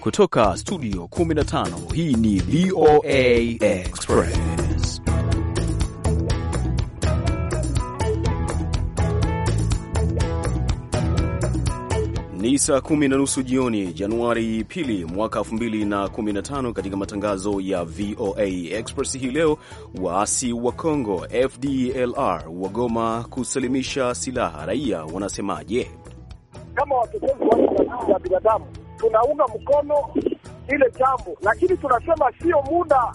Kutoka studio 15 hii ni VOA Express. Ni saa kumi na nusu jioni, Januari pili mwaka 2015. Katika matangazo ya VOA Express hii leo, waasi wa Congo FDLR wagoma kusalimisha silaha. Raia wanasemaje? Kama ya binadamu, tunaunga mkono ile jambo, lakini tunasema sio muda.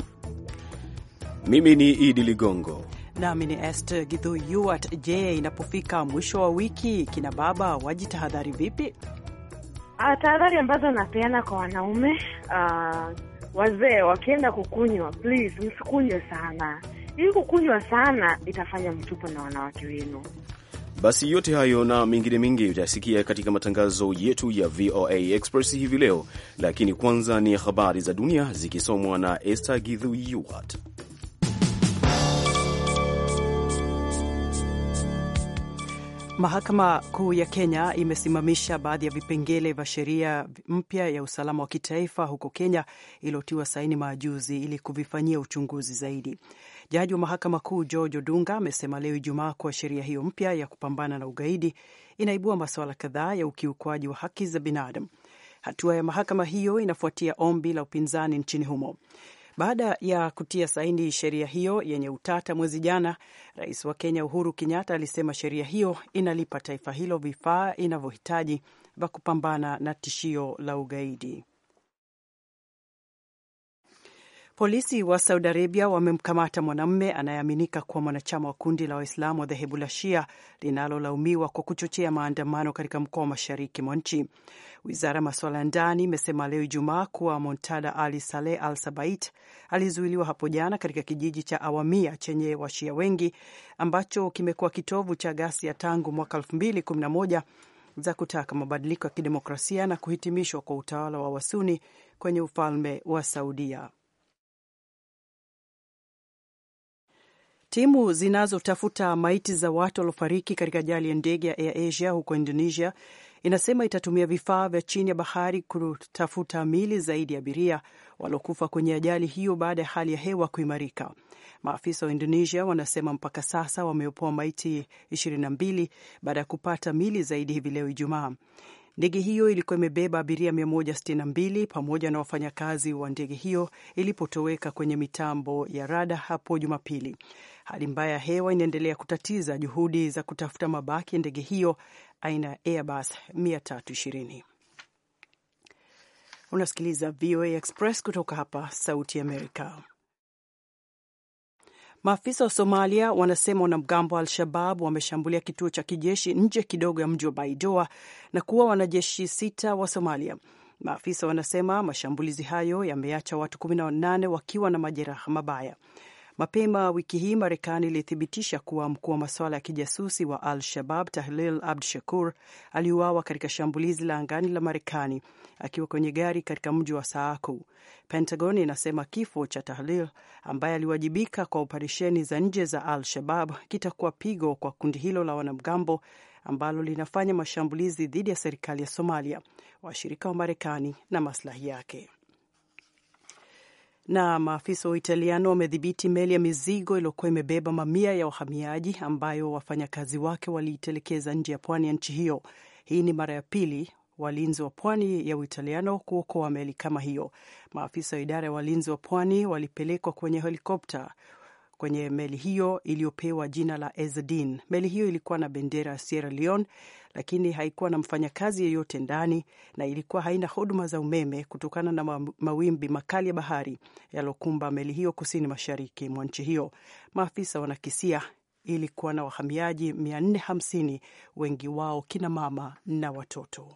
Mimi ni Idi Ligongo nami ni Esther Githu Yuat. Je, inapofika mwisho wa wiki kina baba wajitahadhari vipi? Ah, tahadhari ambazo napeana kwa wanaume uh, wazee wakienda kukunywa, please msikunywe sana. Hii kukunywa sana itafanya mtupo na wanawake wenu. Basi yote hayo na mengine mengi utayasikia katika matangazo yetu ya VOA Express hivi leo, lakini kwanza ni habari za dunia zikisomwa na Esther Githuiwat. Mahakama Kuu ya Kenya imesimamisha baadhi ya vipengele vya sheria mpya ya usalama wa kitaifa huko Kenya iliyotiwa saini majuzi ili kuvifanyia uchunguzi zaidi. Jaji wa mahakama kuu George Odunga amesema leo Ijumaa kuwa sheria hiyo mpya ya kupambana na ugaidi inaibua masuala kadhaa ya ukiukwaji wa haki za binadamu. Hatua ya mahakama hiyo inafuatia ombi la upinzani nchini humo. Baada ya kutia saini sheria hiyo yenye utata mwezi jana, rais wa Kenya Uhuru Kenyatta alisema sheria hiyo inalipa taifa hilo vifaa inavyohitaji vya kupambana na tishio la ugaidi. Polisi wa Saudi Arabia wamemkamata mwanamume anayeaminika kuwa mwanachama wa kundi la Waislamu wa dhehebu la Shia linalolaumiwa kwa kuchochea maandamano katika mkoa wa mashariki mwa nchi. Wizara ya masuala ya ndani imesema leo Ijumaa kuwa Montada Ali Saleh Al Sabait alizuiliwa hapo jana katika kijiji cha Awamia chenye Washia wengi ambacho kimekuwa kitovu cha ghasia tangu mwaka 2011 za kutaka mabadiliko ya kidemokrasia na kuhitimishwa kwa utawala wa Wasuni kwenye ufalme wa Saudia. Timu zinazotafuta maiti za watu waliofariki katika ajali ya ndege ya Air Asia huko Indonesia inasema itatumia vifaa vya chini ya bahari kutafuta mili zaidi ya abiria waliokufa kwenye ajali hiyo baada ya hali ya hewa kuimarika. Maafisa wa Indonesia wanasema mpaka sasa wameopoa maiti 22 baada ya kupata mili zaidi hivi leo Ijumaa. Ndege hiyo ilikuwa imebeba abiria 162 pamoja na wafanyakazi wa ndege hiyo ilipotoweka kwenye mitambo ya rada hapo Jumapili. Hali mbaya ya hewa inaendelea kutatiza juhudi za kutafuta mabaki ya ndege hiyo aina ya Airbus 320. Unasikiliza VOA Express kutoka hapa Sauti Amerika. Maafisa wa Somalia wanasema wanamgambo wa Al-Shabab wameshambulia kituo cha kijeshi nje kidogo ya mji wa Baidoa na kuua wanajeshi sita wa Somalia. Maafisa wanasema mashambulizi hayo yameacha watu 18 wakiwa na majeraha mabaya. Mapema wiki hii Marekani ilithibitisha kuwa mkuu wa masuala ya kijasusi wa Al Shabab Tahlil Abd Shakur aliuawa katika shambulizi la angani la Marekani akiwa kwenye gari katika mji wa Saaku. Pentagon inasema kifo cha Tahlil ambaye aliwajibika kwa operesheni za nje za Al Shabab kitakuwa pigo kwa kundi hilo la wanamgambo ambalo linafanya mashambulizi dhidi ya serikali ya Somalia, washirika wa Marekani na maslahi yake. Na maafisa wa Uitaliano wamedhibiti meli ya mizigo iliyokuwa imebeba mamia ya wahamiaji ambayo wafanyakazi wake waliitelekeza nje ya pwani ya nchi hiyo. Hii ni mara ya pili walinzi wa pwani ya Uitaliano kuokoa meli kama hiyo. Maafisa wa idara ya walinzi wa pwani walipelekwa kwenye helikopta kwenye meli hiyo iliyopewa jina la Ezedin. Meli hiyo ilikuwa na bendera ya Sierra Leone lakini haikuwa na mfanyakazi yeyote ndani na ilikuwa haina huduma za umeme kutokana na mawimbi makali ya bahari yalokumba meli hiyo kusini mashariki mwa nchi hiyo. Maafisa wanakisia ilikuwa na wahamiaji 450 wengi wao kina mama na watoto.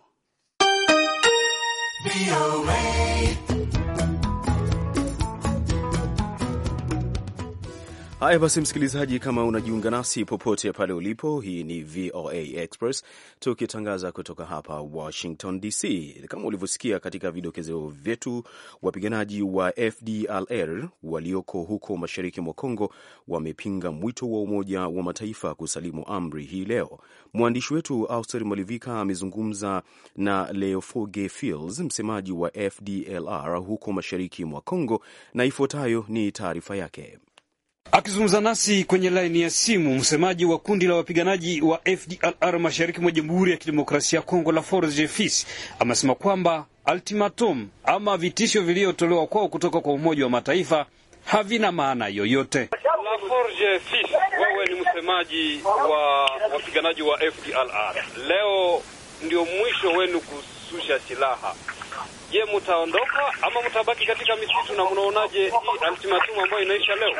Haya basi, msikilizaji, kama unajiunga nasi popote pale ulipo, hii ni VOA Express tukitangaza kutoka hapa Washington DC. Kama ulivyosikia katika vidokezo vyetu, wapiganaji wa FDLR walioko huko mashariki mwa congo wamepinga mwito wa Umoja wa Mataifa kusalimu amri hii leo. Mwandishi wetu Auster Malivika amezungumza na Leofoge Fields, msemaji wa FDLR huko mashariki mwa congo na ifuatayo ni taarifa yake. Akizungumza nasi kwenye laini ya simu, msemaji wa kundi la wapiganaji wa FDLR mashariki mwa Jamhuri ya Kidemokrasia ya Kongo la Force Jefis amesema kwamba ultimatum ama vitisho vilivyotolewa kwao kutoka kwa Umoja wa Mataifa havina maana yoyote. La Forge wewe ni msemaji wa wapiganaji wa FDLR, leo ndio mwisho wenu kususha silaha. Je, mtaondoka ama mtabaki katika misitu na mnaonaje hii ultimatum ambayo inaisha leo?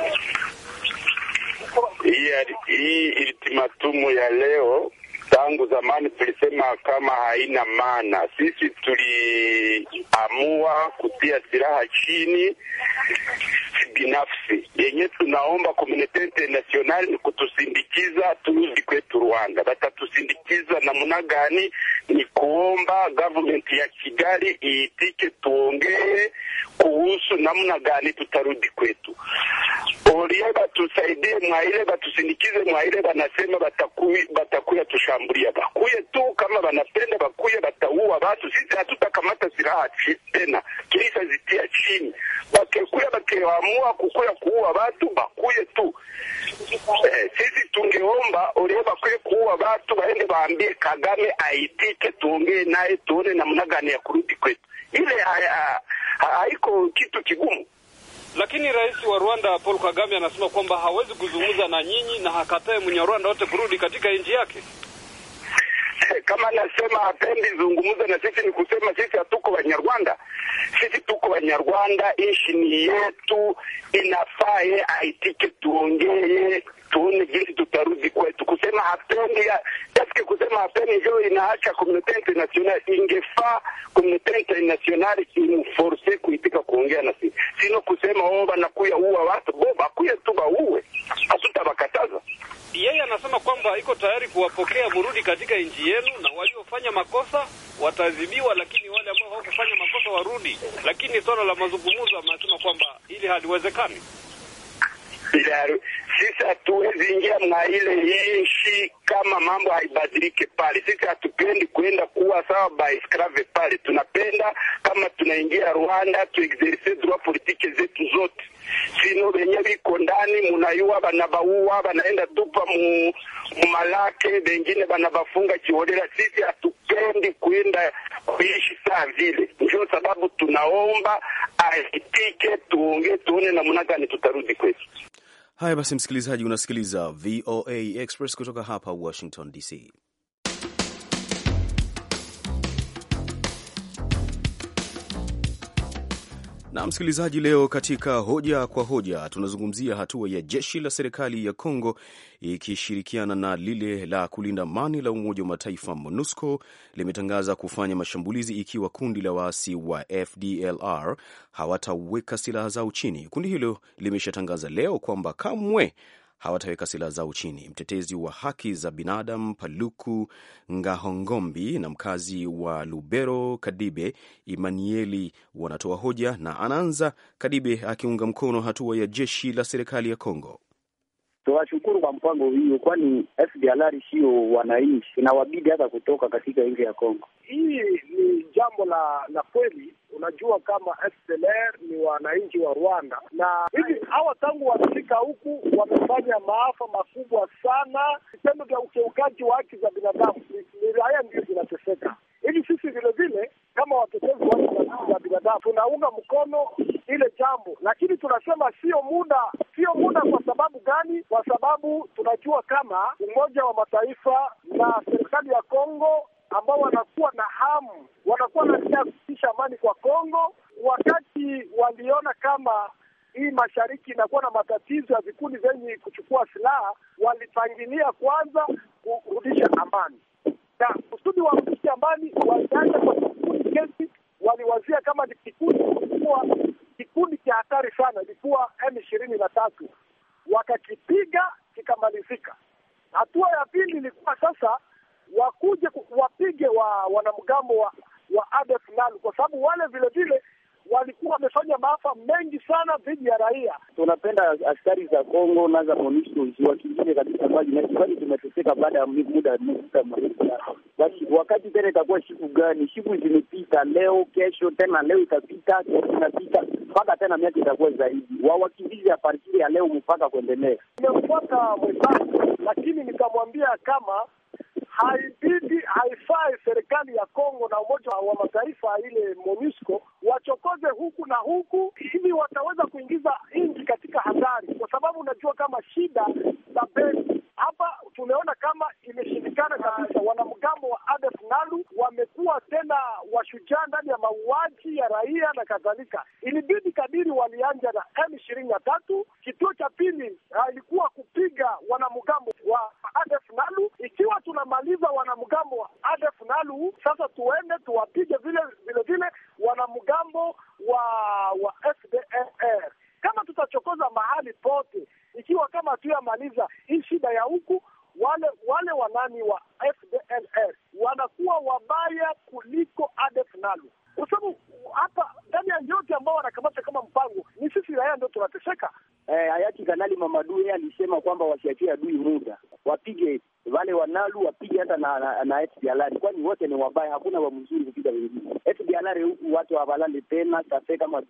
Hii ultimatum ya leo tangu zamani tulisema kama haina maana. Sisi tuliamua kutia silaha chini binafsi yenye tunaomba komunite international ni kutusindikiza turudi kwetu Rwanda. Batatusindikiza namna gani? Ni kuomba government ya Kigali iitike, tuongee kuhusu namna gani tutarudi kwetu olie batusaidie mwaile batusindikize mwaile banasema batakuya batakuya tushambulia, bakuye tu kama banapenda, bakuye bataua batu. Sisi hatutakamata silaha tena, kilisa zitia chini, bakekuya bakeamua kukuya kuua batu, bakuye tu eh, sisi tungeomba olie bakuye kuua batu, baende baambie Kagame aitike, tuongee naye tuone namna gani ya kurudi kwetu. Ile haiko kitu kigumu. Lakini rais wa Rwanda Paul Kagame anasema kwamba hawezi kuzungumza na nyinyi na hakatae Mnyarwanda wote kurudi katika nchi yake. Kama anasema hapendi zungumza na sisi, ni kusema sisi hatuko Wanyarwanda. Sisi tuko Wanyarwanda, nchi ni yetu, inafaa aitike tuongee tuone jinsi tutarudi kwetu. Kusema hapendi kaske, kusema hapendi hiyo inaacha komunite international, Ingefaa komunite international imforce kuitika kuongea na sisi, sino kusema o oh, wanakuya uwa watu bo bakuye tu bauwe, hatutabakataza. Yeye anasema kwamba iko tayari kuwapokea murudi katika nchi yenu, na waliofanya makosa wataadhibiwa, lakini wale ambao hawakufanya makosa warudi. Lakini swala la mazungumzo, amesema kwamba hili haliwezekani sisi hatuwezi ingia mwa ile nchi kama mambo haibadilike pale. Sisi hatupendi kwenda kuwa sawa baesclave pale, tunapenda kama tunaingia Rwanda tuexerce droit politike zetu zote. Sino benye biko ndani munayua banabauwa banaenda tupa mu, mumalake bengine banabafunga kiholela. Sisi hatupendi kwenda kuishi saa vile, ndio sababu tunaomba aitike, tuonge tuone namna gani tutarudi kwetu. Haya basi, msikilizaji, unasikiliza VOA Express kutoka hapa Washington DC. Na msikilizaji, leo katika hoja kwa hoja tunazungumzia hatua ya jeshi la serikali ya congo ikishirikiana na lile la kulinda amani la Umoja wa Mataifa MONUSCO limetangaza kufanya mashambulizi ikiwa kundi la waasi wa FDLR hawataweka silaha zao chini. Kundi hilo limeshatangaza leo kwamba kamwe hawataweka silaha zao chini. Mtetezi wa haki za binadamu Paluku Ngahongombi na mkazi wa Lubero Kadibe Imanieli wanatoa hoja, na anaanza Kadibe akiunga mkono hatua ya jeshi la serikali ya Kongo. Tunashukuru kwa mpango hiyo, kwani FDLR sio wananchi, inawabidi hata kutoka katika nchi ya Kongo. Hii ni jambo la la kweli. Unajua kama FDLR ni wananchi wa Rwanda, na hivi hawa tangu wamefika huku wamefanya maafa makubwa sana, vitendo vya ukiukaji wa haki za binadamu. Ni haya ndio zinateseka ili sisi vile vile kama watetezi wa haki za binadamu tunaunga mkono ile jambo, lakini tunasema sio muda, sio muda. Kwa sababu gani? Kwa sababu tunajua kama Umoja wa Mataifa na serikali ya Kongo ambao wanakuwa na hamu, wanakuwa na nia kufikisha amani kwa Kongo, wakati waliona kama hii mashariki inakuwa na matatizo ya vikundi vyenye kuchukua silaha, walipangilia kwanza kurudisha hatari sana, ilikuwa M ishirini na tatu, wakakipiga kikamalizika. Hatua ya pili ilikuwa sasa wakuje wapige wa wanamgambo wa, wa Adolf Nalu, kwa sababu wale vilevile walikuwa wamefanya maafa mengi sana dhidi ya raia. Tunapenda askari za Kongo na za MONUSCO kingine katika maji na kibali tumeteseka baada ya muda muda mrefu. Basi wakati tena itakuwa siku gani? Siku zimepita, leo kesho tena, leo itapita, kesho inapita, mpaka tena miaka itakuwa zaidi. Wawakimbizi ya partiri ya leo mpaka kuendelea, nimemfuata mwenzangu, lakini nikamwambia kama haibidi, haifai serikali ya Kongo na Umoja wa Mataifa ile MONUSCO wachokoze huku na huku, ili wataweza kuingiza nchi katika hatari, kwa sababu unajua kama shida za pesa hapa tumeona kama imeshindikana kabisa. Wanamgambo wa ADF NALU wamekuwa tena washujaa ndani ya mauaji ya raia na kadhalika. Ilibidi kadiri walianja na M ishirini na tatu. Kituo cha pili ah, ilikuwa kupiga wanamgambo Kalu. Sasa tuende tuwapige vile vile vile wanamgambo wa wa FDLR. Kama tutachokoza mahali pote, ikiwa kama tuyamaliza hii shida ya huku, wale wale wanani wa FDLR wanakuwa wabaya kuliko ADF NALU, kwa sababu hapa ndani ya yote ambao wanakamata kama mpango ni sisi raia ndio tunateseka. Eh, hayati Kanali mamadu yeye alisema kwamba wasiachie adui muda, wapige wale wanalu wapige hata na, na, na FDLR, kwani wote ni wabaya, hakuna wa mzuri kupiga wengine. FDLR huku watu hawalali tena kafe kama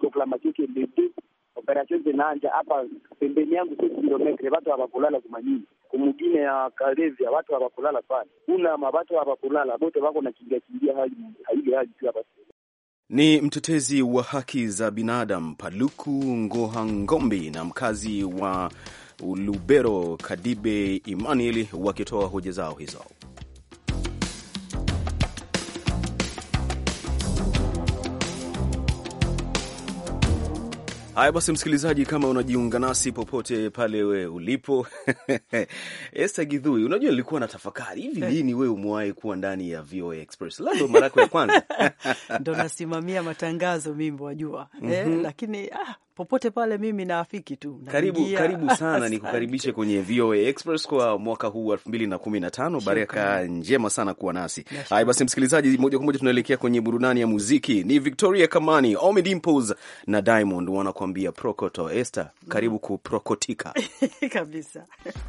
proclamation ke operation zinaanja hapa pembeni yangu si kilometre, watu hawakulala kumanyini kumugine ya Kalevya, watu hawakulala sana, kuna mabatu hawakulala bote wako na kingia kingia hali hali hali tu hapa ni mtetezi wa haki za binadamu Paluku Ngoha Ngombi na mkazi wa Lubero, Kadibe Emmanuel wakitoa hoja zao hizo. Haya basi, msikilizaji, kama unajiunga nasi popote pale we ulipo Esta Gidhui, unajua nilikuwa na tafakari hivi, eh. lini we umewahi kuwa ndani ya VOA Express? Labda mara yako ya kwanza ndo nasimamia matangazo mimi, wajua mm -hmm. lakini ah, popote pale mimi naafiki tu. Karibu, karibu sana kukaribishe kwenye VOA Express kwa mwaka huu wa tano. Baraka njema sana kuwa nasi. Haya basi, msikilizaji, moja kwa moja tunaelekea kwenye burudani ya muziki. Ni Victoria Kamani, Ommy na Diamond wanakuambia Prokoto. Esther, karibu mm. kuprokotika kabisa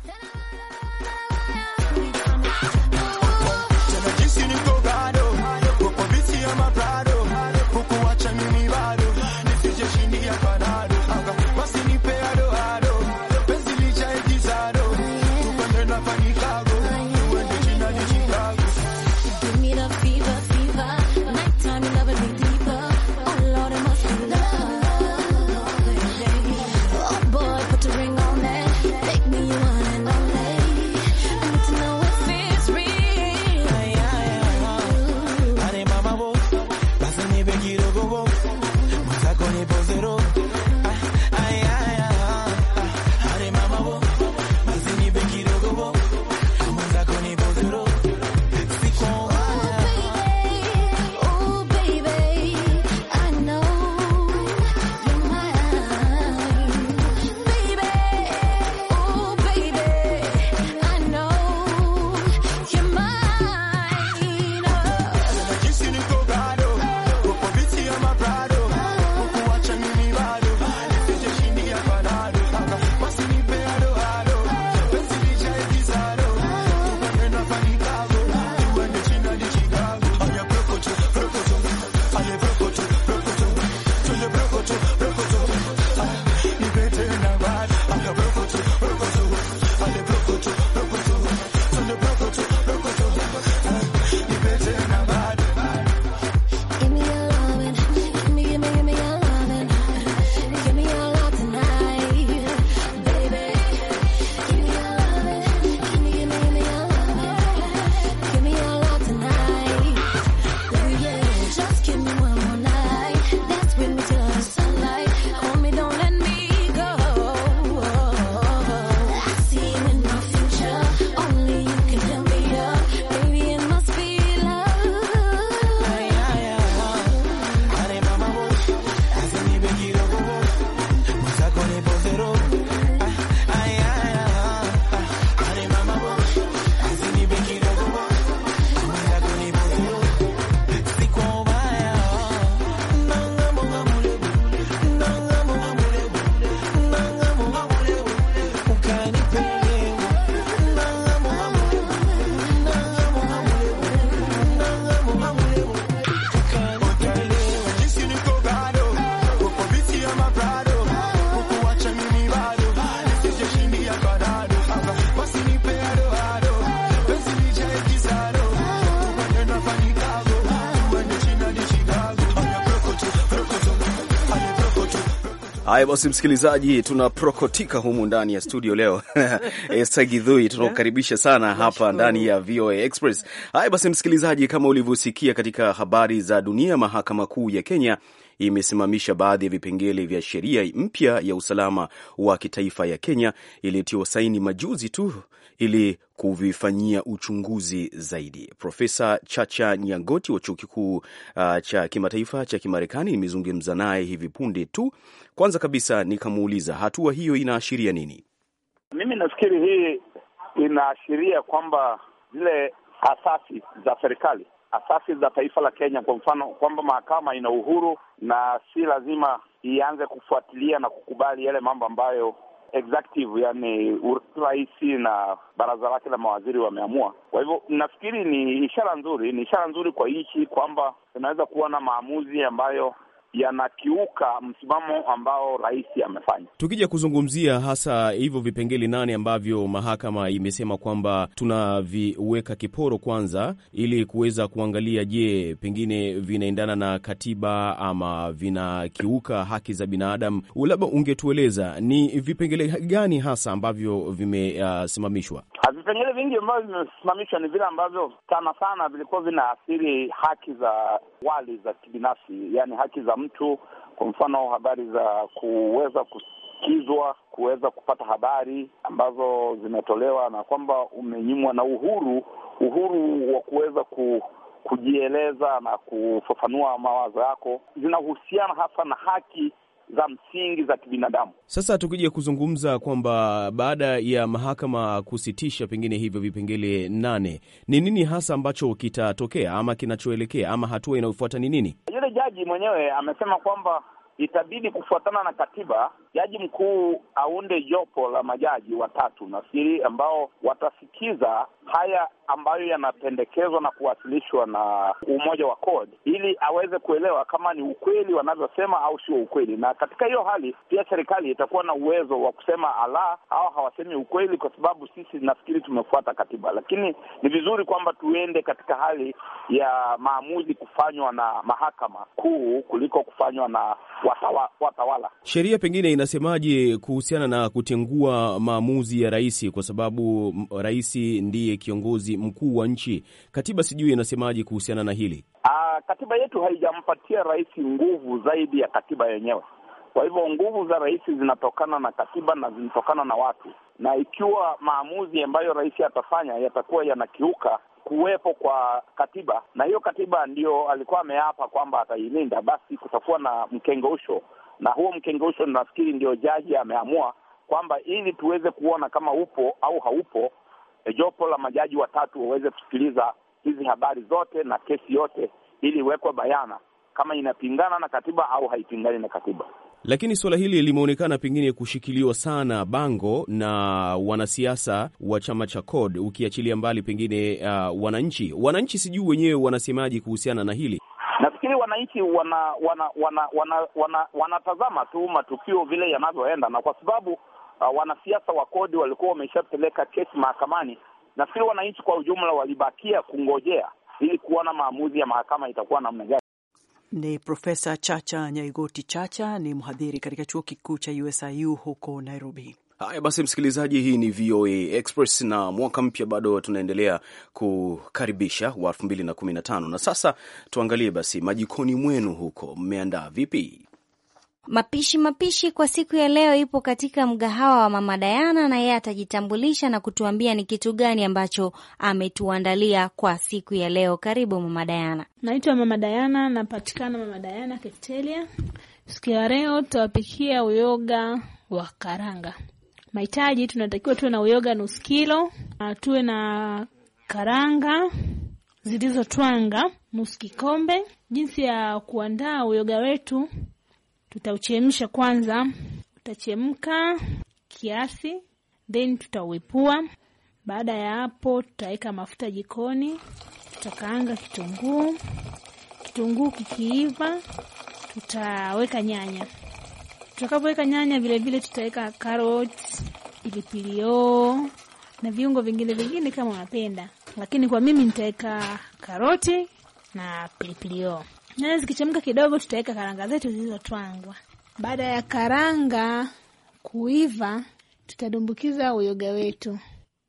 Haya basi, msikilizaji, tunaprokotika humu ndani ya studio leo eh, Sagidhui, tunakukaribisha sana hapa ndani ya VOA Express. Haya basi, msikilizaji, kama ulivyosikia katika habari za dunia, mahakama kuu ya Kenya imesimamisha baadhi ya vipengele vya sheria mpya ya usalama wa kitaifa ya Kenya iliyotiwa saini majuzi tu ili kuvifanyia uchunguzi zaidi. Profesa Chacha Nyangoti wa chuo kikuu uh, cha kimataifa cha Kimarekani imezungumza naye hivi punde tu kwanza kabisa nikamuuliza hatua hiyo inaashiria nini? Mimi nafikiri hii inaashiria kwamba zile asasi za serikali, asasi za taifa la Kenya, kwa mfano kwamba mahakama ina uhuru na si lazima ianze kufuatilia na kukubali yale mambo ambayo executive yani rais na baraza lake la mawaziri wameamua. Kwa hivyo nafikiri ni ishara nzuri, ni ishara nzuri kwa nchi kwamba tunaweza kuwa na maamuzi ambayo yanakiuka msimamo ambao rais amefanya. Tukija kuzungumzia hasa hivyo vipengele nane ambavyo mahakama imesema kwamba tunaviweka kiporo kwanza, ili kuweza kuangalia, je, pengine vinaendana na katiba ama vinakiuka haki za binadamu, labda ungetueleza ni vipengele gani hasa ambavyo vimesimamishwa? Uh, Vipengele vingi ambavyo vimesimamishwa ni vile ambavyo sana sana vilikuwa vinaathiri haki za wali za kibinafsi, yaani haki za mtu, kwa mfano habari za kuweza kusikizwa, kuweza kupata habari ambazo zimetolewa, na kwamba umenyimwa na uhuru, uhuru wa kuweza ku kujieleza na kufafanua mawazo yako. Zinahusiana hasa na haki za msingi za kibinadamu. Sasa tukija kuzungumza kwamba baada ya mahakama kusitisha pengine hivyo vipengele nane, ni nini hasa ambacho kitatokea ama kinachoelekea ama hatua inayofuata ni nini? Yule jaji mwenyewe amesema kwamba itabidi kufuatana na katiba, jaji mkuu aunde jopo la majaji watatu siri, ambao watasikiza haya ambayo yanapendekezwa na kuwasilishwa na umoja wa CORD ili aweze kuelewa kama ni ukweli wanavyosema au sio ukweli. Na katika hiyo hali pia serikali itakuwa na uwezo wa kusema ala, hao hawasemi ukweli, kwa sababu sisi nafikiri tumefuata katiba. Lakini ni vizuri kwamba tuende katika hali ya maamuzi kufanywa na mahakama kuu kuliko kufanywa na watawala, watawala. Sheria pengine inasemaje kuhusiana na kutengua maamuzi ya rais, kwa sababu rais ndiye kiongozi mkuu wa nchi. Katiba sijui inasemaje kuhusiana na hili. Aa, ah, katiba yetu haijampatia rais nguvu zaidi ya katiba yenyewe. Kwa hivyo nguvu za rais zinatokana na katiba na zinatokana na watu, na ikiwa maamuzi ambayo rais atafanya yatakuwa yanakiuka kuwepo kwa katiba, na hiyo katiba ndio alikuwa ameapa kwamba atailinda, basi kutakuwa na mkengeusho, na huo mkengeusho nafikiri ndio jaji ameamua kwamba ili tuweze kuona kama upo au haupo, eh, jopo la majaji watatu waweze kusikiliza hizi habari zote na kesi yote, ili iwekwe bayana kama inapingana na katiba au haipingani na katiba. Lakini suala hili limeonekana pengine kushikiliwa sana bango na wanasiasa wa chama cha CORD, ukiachilia mbali pengine uh, wananchi. Wananchi sijui wenyewe wanasemaji kuhusiana na hili. Nafikiri wananchi wanatazama wana, wana, wana, wana, wana tu matukio vile yanavyoenda, na kwa sababu uh, wanasiasa wa CORD walikuwa wameshapeleka kesi mahakamani, nafikiri wananchi kwa ujumla walibakia kungojea ili kuona maamuzi ya mahakama itakuwa namna gani. Ni Profesa Chacha Nyaigoti Chacha, ni mhadhiri katika chuo kikuu cha USIU huko Nairobi. Haya basi, msikilizaji, hii ni VOA Express na mwaka mpya bado tunaendelea kukaribisha wa 215 Na sasa tuangalie basi majikoni mwenu huko mmeandaa vipi? Mapishi Mapishi kwa siku ya leo ipo katika mgahawa wa Mama Dayana, na yeye atajitambulisha na kutuambia ni kitu gani ambacho ametuandalia kwa siku ya leo. Karibu Mama Dayana. Naitwa Mama Dayana, napatikana Mama Dayana Keftelia. Siku ya leo tutawapikia uyoga wa karanga. Mahitaji tunatakiwa tuwe na uyoga nusu kilo, tuwe na karanga zilizotwanga nusu kikombe. Jinsi ya kuandaa uyoga wetu Tutauchemsha kwanza, utachemka kiasi, then tutauepua. Baada ya hapo, tutaweka mafuta jikoni, tutakaanga kitunguu. Kitunguu kikiiva, tutaweka nyanya. Tutakapoweka nyanya, vilevile tutaweka karoti, pilipili hoho na viungo vingine vingine kama unapenda, lakini kwa mimi nitaweka karoti na pilipili hoho. Nyanya zikichemka kidogo, tutaweka karanga zetu zilizotwangwa. Baada ya karanga kuiva, tutadumbukiza uyoga wetu.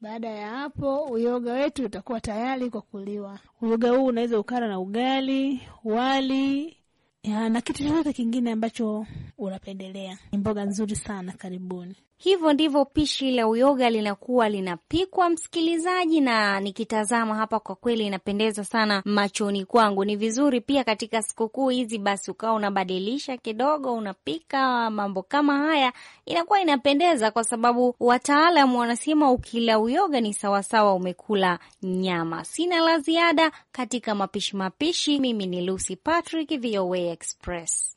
Baada ya hapo, uyoga wetu utakuwa tayari kwa kuliwa. Uyoga huu unaweza ukala na ugali, wali ya, na kitu chochote kingine ambacho unapendelea. Ni mboga nzuri sana, karibuni. Hivyo ndivyo pishi la uyoga linakuwa linapikwa, msikilizaji, na nikitazama hapa kwa kweli inapendeza sana machoni kwangu. Ni vizuri pia katika sikukuu hizi, basi ukawa unabadilisha kidogo, unapika mambo kama haya, inakuwa inapendeza, kwa sababu wataalamu wanasema ukila uyoga ni sawasawa umekula nyama. Sina la ziada katika mapishi mapishi. Mimi ni Lucy Patrick, VOA Express.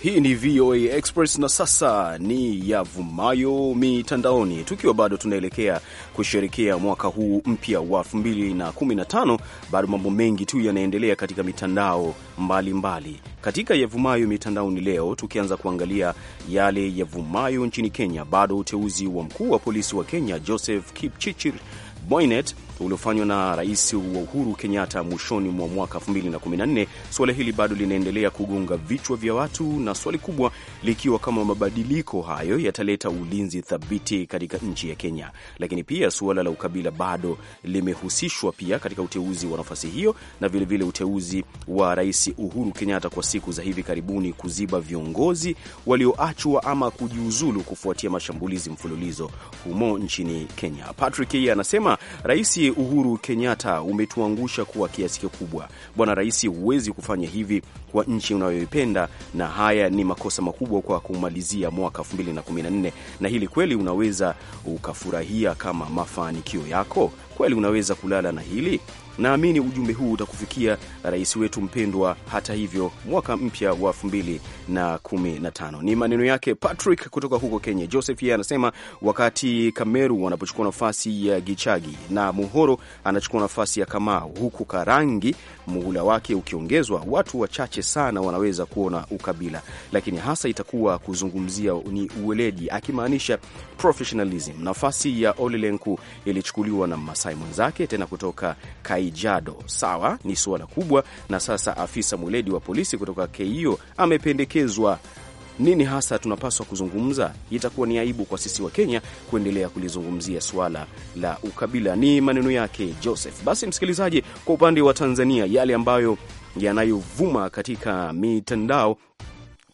Hii ni VOA Express na sasa ni yavumayo mitandaoni, tukiwa bado tunaelekea kusherekea mwaka huu mpya wa 2015 bado mambo mengi tu yanaendelea katika mitandao mbalimbali mbali. Katika yavumayo mitandaoni leo, tukianza kuangalia yale yavumayo nchini Kenya, bado uteuzi wa mkuu wa polisi wa Kenya Joseph kipchichir Boynet uliofanywa na Rais wa Uhuru Kenyatta mwishoni mwa mwaka 2014, suala hili bado linaendelea kugonga vichwa vya watu, na swali kubwa likiwa kama mabadiliko hayo yataleta ulinzi thabiti katika nchi ya Kenya. Lakini pia suala la ukabila bado limehusishwa pia katika uteuzi wa nafasi hiyo na vilevile vile uteuzi wa Rais Uhuru Kenyatta kwa siku za hivi karibuni kuziba viongozi walioachwa ama kujiuzulu kufuatia mashambulizi mfululizo humo nchini Kenya. Patrick yeye anasema rais Uhuru Kenyatta, umetuangusha kwa kiasi kikubwa. Bwana Rais, huwezi kufanya hivi kwa nchi unayoipenda, na haya ni makosa makubwa kwa kumalizia mwaka 2014 na hili kweli unaweza ukafurahia kama mafanikio yako? Kweli unaweza kulala na hili? Naamini ujumbe huu utakufikia rais wetu mpendwa. Hata hivyo, mwaka mpya wa 2015 ni maneno yake Patrick kutoka huko Kenya. Joseph yeye anasema wakati Kameru wanapochukua nafasi ya Gichagi na Muhoro anachukua nafasi ya Kamau, huku Karangi muhula wake ukiongezwa, watu wachache sana wanaweza kuona ukabila, lakini hasa itakuwa kuzungumzia ni uweledi, akimaanisha professionalism. Nafasi ya Ole ilichukuliwa na Masai mwenzake tena kutoka Kai jado Sawa, ni suala kubwa, na sasa afisa mweledi wa polisi kutoka KIO amependekezwa nini hasa tunapaswa kuzungumza. Itakuwa ni aibu kwa sisi wa Kenya kuendelea kulizungumzia suala la ukabila, ni maneno yake Joseph. Basi msikilizaji, kwa upande wa Tanzania, yale ambayo yanayovuma katika mitandao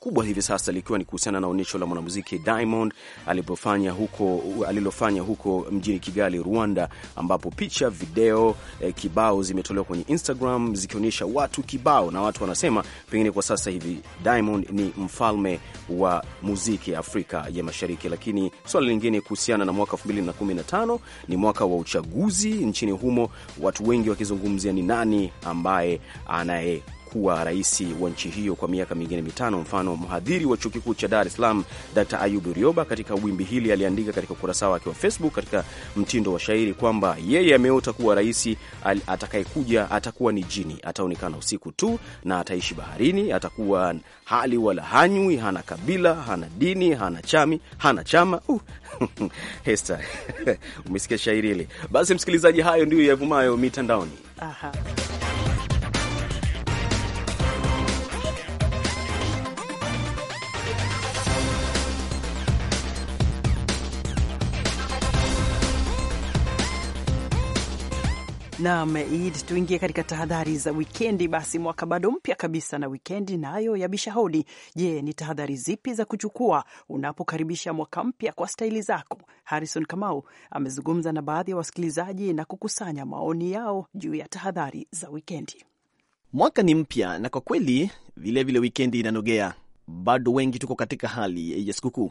kubwa hivi sasa likiwa ni kuhusiana na onyesho la mwanamuziki Diamond alipofanya huko, alilofanya huko mjini Kigali, Rwanda, ambapo picha, video eh, kibao zimetolewa kwenye Instagram zikionyesha watu kibao, na watu wanasema pengine kwa sasa hivi Diamond ni mfalme wa muziki Afrika ya Mashariki. Lakini swala lingine kuhusiana na mwaka 2015 ni mwaka wa uchaguzi nchini humo, watu wengi wakizungumzia ni nani ambaye anaye kuwa rais wa nchi hiyo kwa miaka mingine mitano. Mfano, mhadhiri wa chuo kikuu cha Dar es Salaam Dr Ayubu Rioba katika wimbi hili aliandika katika ukurasa wake wa Facebook katika mtindo wa shairi kwamba yeye ameota kuwa rais atakayekuja atakuwa ni jini, ataonekana usiku tu na ataishi baharini, atakuwa hali wala hanywi, hana kabila, hana dini, hana chami, hana chama uh. Hesta umesikia shairi hili? Basi msikilizaji, hayo ndiyo yavumayo mitandaoni. Aha. Naam, Eid, tuingie katika tahadhari za wikendi. Basi mwaka bado mpya kabisa na wikendi nayo na yabisha Je, ni tahadhari zipi za kuchukua unapokaribisha mwaka mpya kwa staili zako? Harrison Kamau amezungumza na baadhi ya wa wasikilizaji na kukusanya maoni yao juu ya tahadhari za wikendi. Mwaka ni mpya na kwa kweli vilevile wikendi inanogea. Bado wengi tuko katika hali ya sikukuu.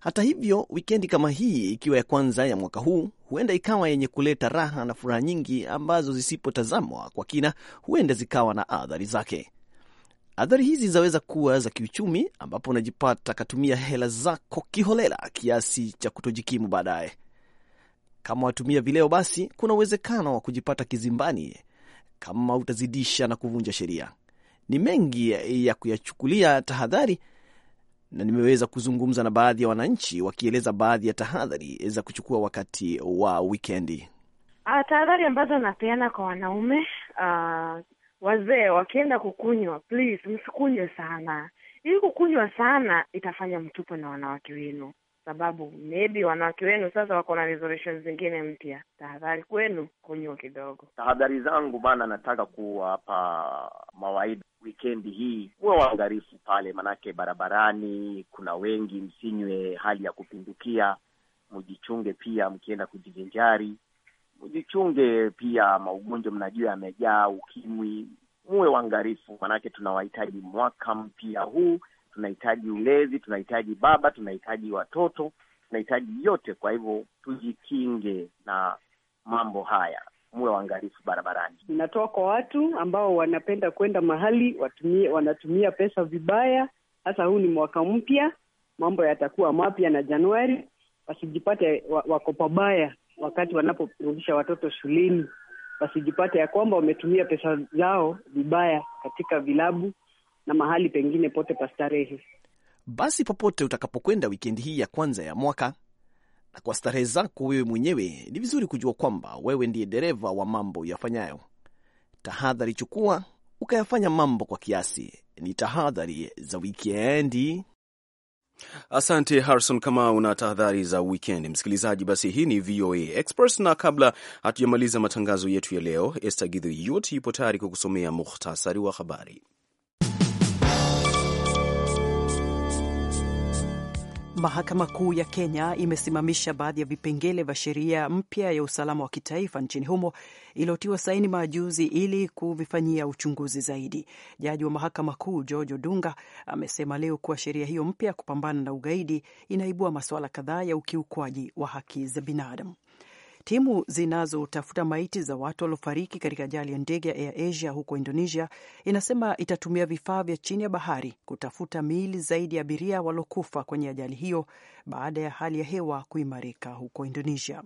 Hata hivyo, wikendi kama hii ikiwa ya kwanza ya mwaka huu huenda ikawa yenye kuleta raha na furaha nyingi ambazo zisipotazamwa kwa kina huenda zikawa na athari zake. Athari hizi zaweza kuwa za kiuchumi, ambapo unajipata katumia hela zako kiholela kiasi cha kutojikimu baadaye. Kama watumia vileo, basi kuna uwezekano wa kujipata kizimbani kama utazidisha na kuvunja sheria. Ni mengi ya kuyachukulia tahadhari na nimeweza kuzungumza na baadhi ya wananchi wakieleza baadhi ya tahadhari za kuchukua wakati wa wikendi. Ah, tahadhari ambazo napeana kwa wanaume uh, wazee wakienda kukunywa, please msikunywe sana. Hii kukunywa sana itafanya mtupo na wanawake wenu, sababu maybe wanawake wenu sasa wako na resolution zingine mpya. Tahadhari kwenu, kunywa kidogo. Tahadhari zangu bana, nataka kuwapa mawaidha wikendi hii huwa waangarifu pale, manake barabarani kuna wengi, msinywe hali ya kupindukia, mjichunge pia mkienda kujivinjari, mjichunge pia maugonjwa mnajua yamejaa, ukimwi, muwe waangalifu, manake tunawahitaji mwaka mpya huu, tunahitaji ulezi, tunahitaji baba, tunahitaji watoto, tunahitaji yote. Kwa hivyo tujikinge na mambo haya muwe waangalifu barabarani. Inatoa kwa watu ambao wanapenda kwenda mahali watumie, wanatumia pesa vibaya. Hasa huu ni mwaka mpya, mambo yatakuwa mapya na Januari, wasijipate wako pabaya wakati wanaporudisha watoto shuleni, wasijipate ya kwamba wametumia pesa zao vibaya katika vilabu na mahali pengine pote pa starehe. Basi popote utakapokwenda wikendi hii ya kwanza ya mwaka na kwa starehe zako wewe mwenyewe, ni vizuri kujua kwamba wewe ndiye dereva wa mambo uyafanyayo. Tahadhari chukua ukayafanya mambo kwa kiasi. Ni tahadhari za wikendi. Asante Harrison, kama una tahadhari za wikendi. Msikilizaji, basi hii ni VOA Express, na kabla hatujamaliza matangazo yetu ya leo, Esther Gidhu yote ipo tayari kukusomea muhtasari wa habari. Mahakama Kuu ya Kenya imesimamisha baadhi ya vipengele vya sheria mpya ya usalama wa kitaifa nchini humo iliyotiwa saini majuzi ili kuvifanyia uchunguzi zaidi. Jaji wa Mahakama Kuu George Odunga amesema leo kuwa sheria hiyo mpya ya kupambana na ugaidi inaibua masuala kadhaa ya ukiukwaji wa haki za binadamu. Timu zinazotafuta maiti za watu waliofariki katika ajali ya ndege ya Air Asia huko Indonesia inasema itatumia vifaa vya chini ya bahari kutafuta miili zaidi ya abiria waliokufa kwenye ajali hiyo baada ya hali ya hewa kuimarika huko Indonesia.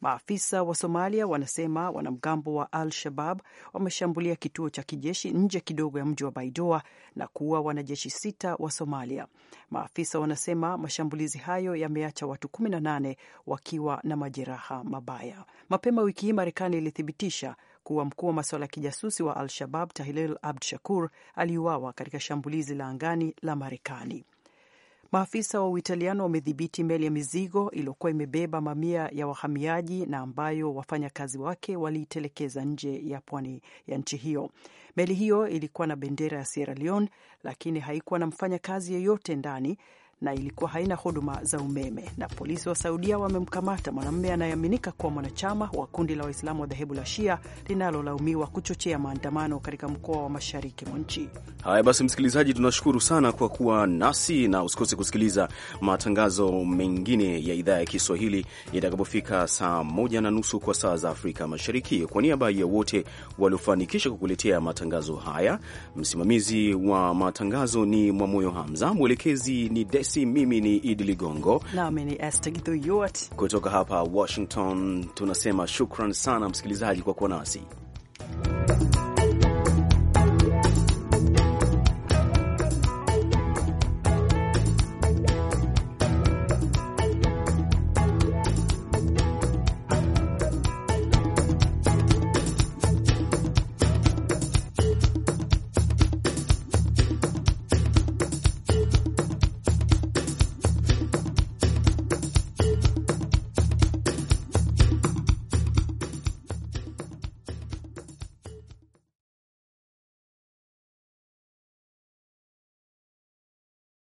Maafisa wa Somalia wanasema wanamgambo wa Al Shabab wameshambulia kituo cha kijeshi nje kidogo ya mji wa Baidoa na kuua wanajeshi sita wa Somalia. Maafisa wanasema mashambulizi hayo yameacha watu 18 wakiwa na majeraha mabaya. Mapema wiki hii Marekani ilithibitisha kuwa mkuu wa masuala ya kijasusi wa Al Shabab Tahlil Abd Shakur aliuawa katika shambulizi la angani la Marekani. Maafisa wa Uitaliano wamedhibiti meli ya mizigo iliyokuwa imebeba mamia ya wahamiaji na ambayo wafanyakazi wake waliitelekeza nje ya pwani ya nchi hiyo. Meli hiyo ilikuwa na bendera ya Sierra Leone, lakini haikuwa na mfanyakazi yeyote ndani na ilikuwa haina huduma za umeme. Na polisi wa Saudia wamemkamata mwanamume anayeaminika kuwa mwanachama wa kundi la Waislamu wa dhehebu la Shia linalolaumiwa kuchochea maandamano katika mkoa wa mashariki mwa nchi. Haya basi, msikilizaji, tunashukuru sana kwa kuwa nasi na usikose kusikiliza matangazo mengine ya idhaa ya Kiswahili itakapofika saa moja na nusu kwa saa za Afrika Mashariki. Kwa niaba ya wote waliofanikisha kukuletea matangazo haya, msimamizi wa matangazo ni Mwamoyo Hamza, mwelekezi ni Des Express. Mimi ni Idi Ligongo nami ni Esther kutoka hapa Washington. Tunasema shukran sana msikilizaji kwa kuwa nasi.